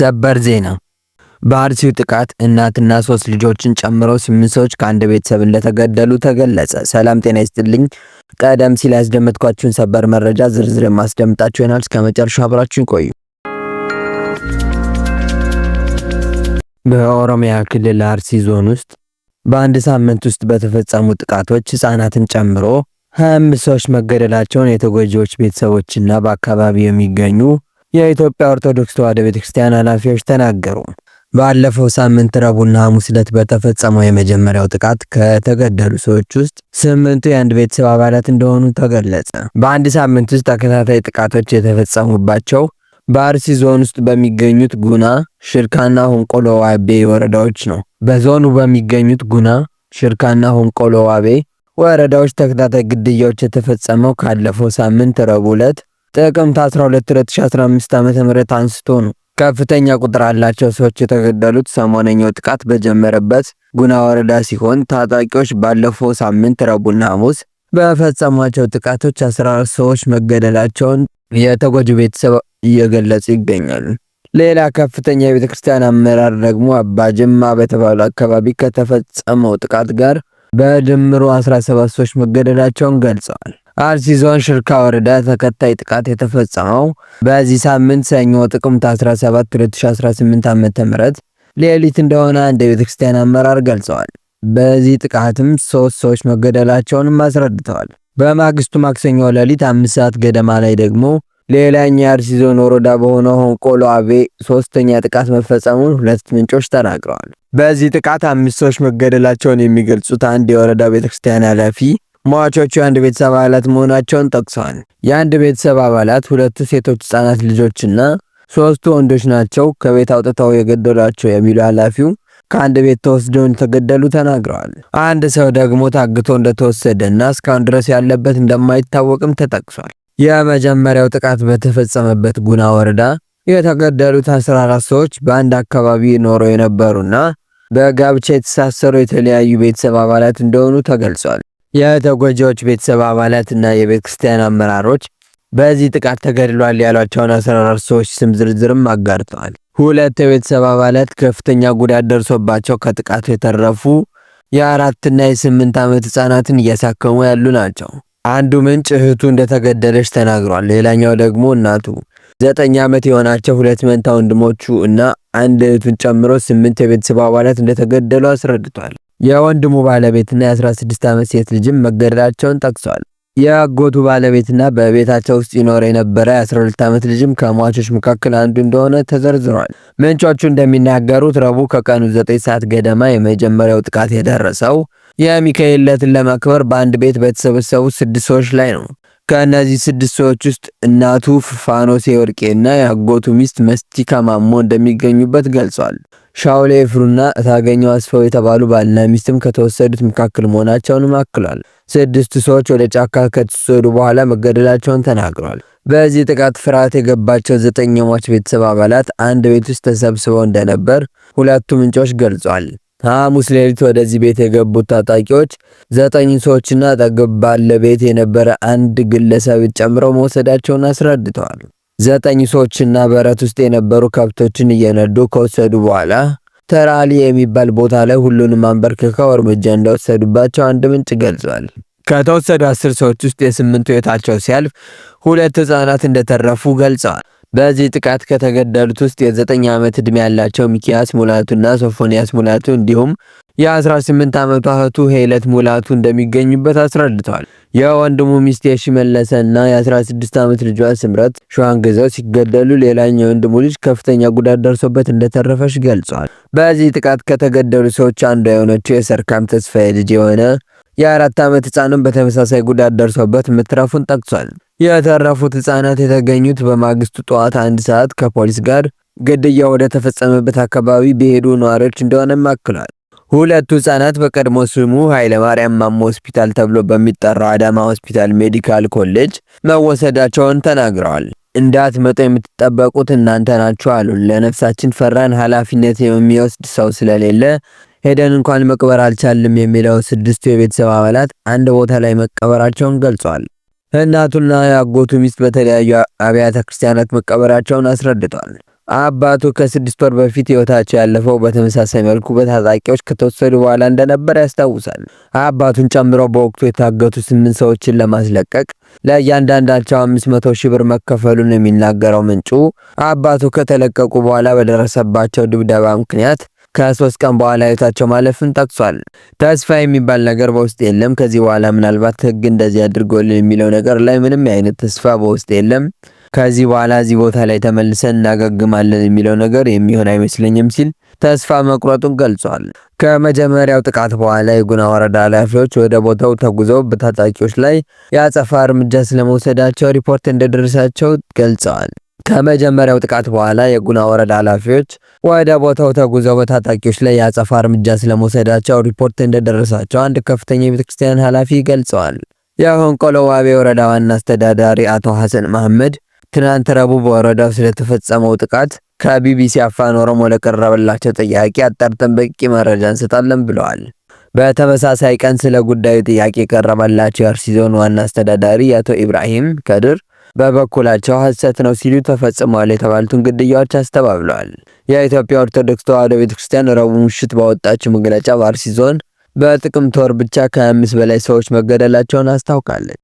ሰበር ዜና በአርሲው ጥቃት እናትና ሶስት ልጆችን ጨምሮ ስምንት ሰዎች ከአንድ ቤተሰብ እንደተገደሉ ተገለጸ። ሰላም ጤና ይስጥልኝ። ቀደም ሲል ያስደመጥኳችሁን ሰበር መረጃ ዝርዝር የማስደምጣችሁ ይሆናል። እስከ መጨረሻ አብራችሁን ቆዩ። በኦሮሚያ ክልል አርሲ ዞን ውስጥ በአንድ ሳምንት ውስጥ በተፈጸሙ ጥቃቶች ህጻናትን ጨምሮ 25 ሰዎች መገደላቸውን የተጎጂዎች ቤተሰቦችና በአካባቢው የሚገኙ የኢትዮጵያ ኦርቶዶክስ ተዋሕዶ ቤተክርስቲያን ኃላፊዎች ተናገሩ። ባለፈው ሳምንት ረቡዕና ሐሙስ ዕለት በተፈጸመው የመጀመሪያው ጥቃት ከተገደሉ ሰዎች ውስጥ ስምንቱ የአንድ ቤተሰብ አባላት እንደሆኑ ተገለጸ። በአንድ ሳምንት ውስጥ ተከታታይ ጥቃቶች የተፈጸሙባቸው በአርሲ ዞን ውስጥ በሚገኙት ጉና፣ ሽርካና ሆንቆሎ ዋቤ ወረዳዎች ነው። በዞኑ በሚገኙት ጉና፣ ሽርካና ሆንቆሎ ዋቤ ወረዳዎች ተከታታይ ግድያዎች የተፈጸመው ካለፈው ሳምንት ረቡዕ ዕለት ጥቅምት 12 2015 ዓ ም አንስቶ ነው ከፍተኛ ቁጥር ያላቸው ሰዎች የተገደሉት። ሰሞነኛው ጥቃት በጀመረበት ጉና ወረዳ ሲሆን ታጣቂዎች ባለፈው ሳምንት ረቡዕና ሐሙስ በፈጸሟቸው ጥቃቶች 14 ሰዎች መገደላቸውን የተጎጂ ቤተሰብ እየገለጹ ይገኛሉ። ሌላ ከፍተኛ የቤተክርስቲያን አመራር ደግሞ አባጅማ በተባሉ አካባቢ ከተፈጸመው ጥቃት ጋር በድምሩ 17 ሰዎች መገደላቸውን ገልጸዋል። አርሲ ዞን ሽርካ ወረዳ ተከታይ ጥቃት የተፈጸመው በዚህ ሳምንት ሰኞ ጥቅምት 17 2018 ዓ.ም ሌሊት እንደሆነ አንድ የቤተክርስቲያን አመራር ገልጸዋል። በዚህ ጥቃትም ሶስት ሰዎች መገደላቸውንም አስረድተዋል። በማግስቱ ማክሰኞ ሌሊት አምስት ሰዓት ገደማ ላይ ደግሞ ሌላኛ የአርሲ ዞን ወረዳ በሆነው ሆንቆሎ አቤ ሶስተኛ ጥቃት መፈጸሙን ሁለት ምንጮች ተናግረዋል። በዚህ ጥቃት አምስት ሰዎች መገደላቸውን የሚገልጹት አንድ የወረዳ ቤተክርስቲያን ኃላፊ ሟቾቹ የአንድ ቤተሰብ አባላት መሆናቸውን ጠቅሰዋል። የአንድ ቤተሰብ አባላት ሁለቱ ሴቶች ህጻናት ልጆችና ሶስቱ ወንዶች ናቸው ከቤት አውጥተው የገደሏቸው የሚሉ ኃላፊው ከአንድ ቤት ተወስደው እንደተገደሉ ተናግረዋል። አንድ ሰው ደግሞ ታግቶ እንደተወሰደና እስካሁን ድረስ ያለበት እንደማይታወቅም ተጠቅሷል። የመጀመሪያው ጥቃት በተፈጸመበት ጉና ወረዳ የተገደሉት 14 ሰዎች በአንድ አካባቢ ኖሮ የነበሩና በጋብቻ የተሳሰሩ የተለያዩ ቤተሰብ አባላት እንደሆኑ ተገልጿል። የተጎጂዎች ቤተሰብ አባላትና የቤተ ክርስቲያን አመራሮች በዚህ ጥቃት ተገድሏል ያሏቸውን 14 ሰዎች ስም ዝርዝርም አጋርተዋል። ሁለት የቤተሰብ አባላት ከፍተኛ ጉዳት ደርሶባቸው ከጥቃቱ የተረፉ የአራትና የስምንት ዓመት ህጻናትን እያሳከሙ ያሉ ናቸው። አንዱ ምንጭ እህቱ እንደተገደለች ተናግሯል። ሌላኛው ደግሞ እናቱ ዘጠኝ ዓመት የሆናቸው ሁለት መንታ ወንድሞቹ እና አንድ እህቱን ጨምሮ ስምንት የቤተሰብ አባላት እንደተገደሉ አስረድቷል። የወንድሙ ባለቤትና የ16 ዓመት ሴት ልጅም መገደላቸውን ጠቅሷል። የአጎቱ ባለቤትና በቤታቸው ውስጥ ይኖር የነበረ የ12 ዓመት ልጅም ከሟቾች መካከል አንዱ እንደሆነ ተዘርዝሯል። ምንጮቹ እንደሚናገሩት ረቡዕ ከቀኑ 9 ሰዓት ገደማ የመጀመሪያው ጥቃት የደረሰው የሚካኤል ዕለትን ለማክበር በአንድ ቤት በተሰበሰቡ ስድስት ሰዎች ላይ ነው። ከእነዚህ ስድስት ሰዎች ውስጥ እናቱ ፋኖሴ ወርቄና የአጎቱ ሚስት መስቲካ ማሞ እንደሚገኙበት ገልጿል። ሻውል ኤፍሩና ታገኘው አስፋው የተባሉ ባልና ሚስትም ከተወሰዱት መካከል መሆናቸውንም አክሏል። ስድስቱ ሰዎች ወደ ጫካ ከተወሰዱ በኋላ መገደላቸውን ተናግሯል። በዚህ ጥቃት ፍርሃት የገባቸው ዘጠኝ የሟች ቤተሰብ አባላት አንድ ቤት ውስጥ ተሰብስበው እንደነበር ሁለቱ ምንጮች ገልጿል። ሐሙስ ሌሊት ወደዚህ ቤት የገቡት ታጣቂዎች ዘጠኝ ሰዎችና አጠገብ ባለ ቤት የነበረ አንድ ግለሰብ ጨምረው መውሰዳቸውን አስረድተዋል። ዘጠኝ ሰዎችና በረት ውስጥ የነበሩ ከብቶችን እየነዱ ከወሰዱ በኋላ ተራሊ የሚባል ቦታ ላይ ሁሉንም አንበርክከው እርምጃ እንደወሰዱባቸው አንድ ምንጭ ገልጿል። ከተወሰዱ አስር ሰዎች ውስጥ የስምንቱ የታቸው ሲያልፍ ሁለት ህጻናት እንደተረፉ ገልጸዋል። በዚህ ጥቃት ከተገደሉት ውስጥ የዘጠኝ ዓመት ዕድሜ ያላቸው ሚኪያስ ሙላቱና ሶፎንያስ ሙላቱ እንዲሁም የ18 ዓመቷ እህቱ ሄለት ሙላቱ እንደሚገኙበት አስረድተዋል። የወንድሙ ሚስት የሺመለሰ እና የ16 ዓመት ልጇ ስምረት ሸዋን ገዛው ሲገደሉ ሌላኛው የወንድሙ ልጅ ከፍተኛ ጉዳት ደርሶበት እንደተረፈች ገልጿል። በዚህ ጥቃት ከተገደሉ ሰዎች አንዷ የሆነችው የሰርካም ተስፋዬ ልጅ የሆነ የአራት ዓመት ህፃንም በተመሳሳይ ጉዳት ደርሶበት ምትረፉን ጠቅሷል። የተረፉት ህፃናት የተገኙት በማግስቱ ጠዋት አንድ ሰዓት ከፖሊስ ጋር ግድያ ወደ ተፈጸመበት አካባቢ በሄዱ ነዋሪዎች እንደሆነም አክሏል። ሁለቱ ህጻናት በቀድሞ ስሙ ማርያም ማሞ ሆስፒታል ተብሎ በሚጠራው አዳማ ሆስፒታል ሜዲካል ኮሌጅ መወሰዳቸውን ተናግረዋል። እንዳትመጡ የምትጠበቁት እናንተ ናችሁ አሉ። ለነፍሳችን ፈራን፣ ኃላፊነት የሚወስድ ሰው ስለሌለ ሄደን እንኳን መቅበር አልቻልም የሚለው ስድስቱ የቤተሰብ አባላት አንድ ቦታ ላይ መቀበራቸውን ገልጿል። እናቱና የአጎቱ ሚስት በተለያዩ አብያተ ክርስቲያናት መቀበራቸውን አስረድቷል። አባቱ ከስድስት ወር በፊት ህይወታቸው ያለፈው በተመሳሳይ መልኩ በታጣቂዎች ከተወሰዱ በኋላ እንደነበረ ያስታውሳል። አባቱን ጨምሮ በወቅቱ የታገቱ ስምንት ሰዎችን ለማስለቀቅ ለእያንዳንዳቸው አምስት መቶ ሺህ ብር መከፈሉን የሚናገረው ምንጩ አባቱ ከተለቀቁ በኋላ በደረሰባቸው ድብደባ ምክንያት ከሶስት ቀን በኋላ ህይወታቸው ማለፍን ጠቅሷል። ተስፋ የሚባል ነገር በውስጥ የለም። ከዚህ በኋላ ምናልባት ህግ እንደዚህ አድርጎልን የሚለው ነገር ላይ ምንም አይነት ተስፋ በውስጥ የለም። ከዚህ በኋላ እዚህ ቦታ ላይ ተመልሰን እናገግማለን የሚለው ነገር የሚሆን አይመስለኝም ሲል ተስፋ መቁረጡን ገልጿል። ከመጀመሪያው ጥቃት በኋላ የጉና ወረዳ ኃላፊዎች ወደ ቦታው ተጉዘው በታጣቂዎች ላይ የአጸፋ እርምጃ ስለመውሰዳቸው ሪፖርት እንደደረሳቸው ገልጸዋል። ከመጀመሪያው ጥቃት በኋላ የጉና ወረዳ ኃላፊዎች ወደ ቦታው ተጉዘው በታጣቂዎች ላይ የአጸፋ እርምጃ ስለመውሰዳቸው ሪፖርት እንደደረሳቸው አንድ ከፍተኛ የቤተክርስቲያን ኃላፊ ገልጸዋል። የሆንቆሎ ዋቤ ወረዳ ዋና አስተዳዳሪ አቶ ሐሰን መሐመድ ትናንት ረቡዕ በወረዳው ስለተፈጸመው ጥቃት ከቢቢሲ አፋን ኦሮሞ ለቀረበላቸው ጥያቄ አጣርተን በቂ መረጃ እንሰጣለን ብለዋል። በተመሳሳይ ቀን ስለ ጉዳዩ ጥያቄ የቀረበላቸው የአርሲ ዞን ዋና አስተዳዳሪ አቶ ኢብራሂም ከድር በበኩላቸው ሐሰት ነው ሲሉ ተፈጽመዋል የተባሉትን ግድያዎች አስተባብለዋል። የኢትዮጵያ ኦርቶዶክስ ተዋሕዶ ቤተክርስቲያን ረቡዕ ምሽት ባወጣችው መግለጫ በአርሲ ዞን በጥቅምት ወር ብቻ ከ በላይ ሰዎች መገደላቸውን አስታውቃለች።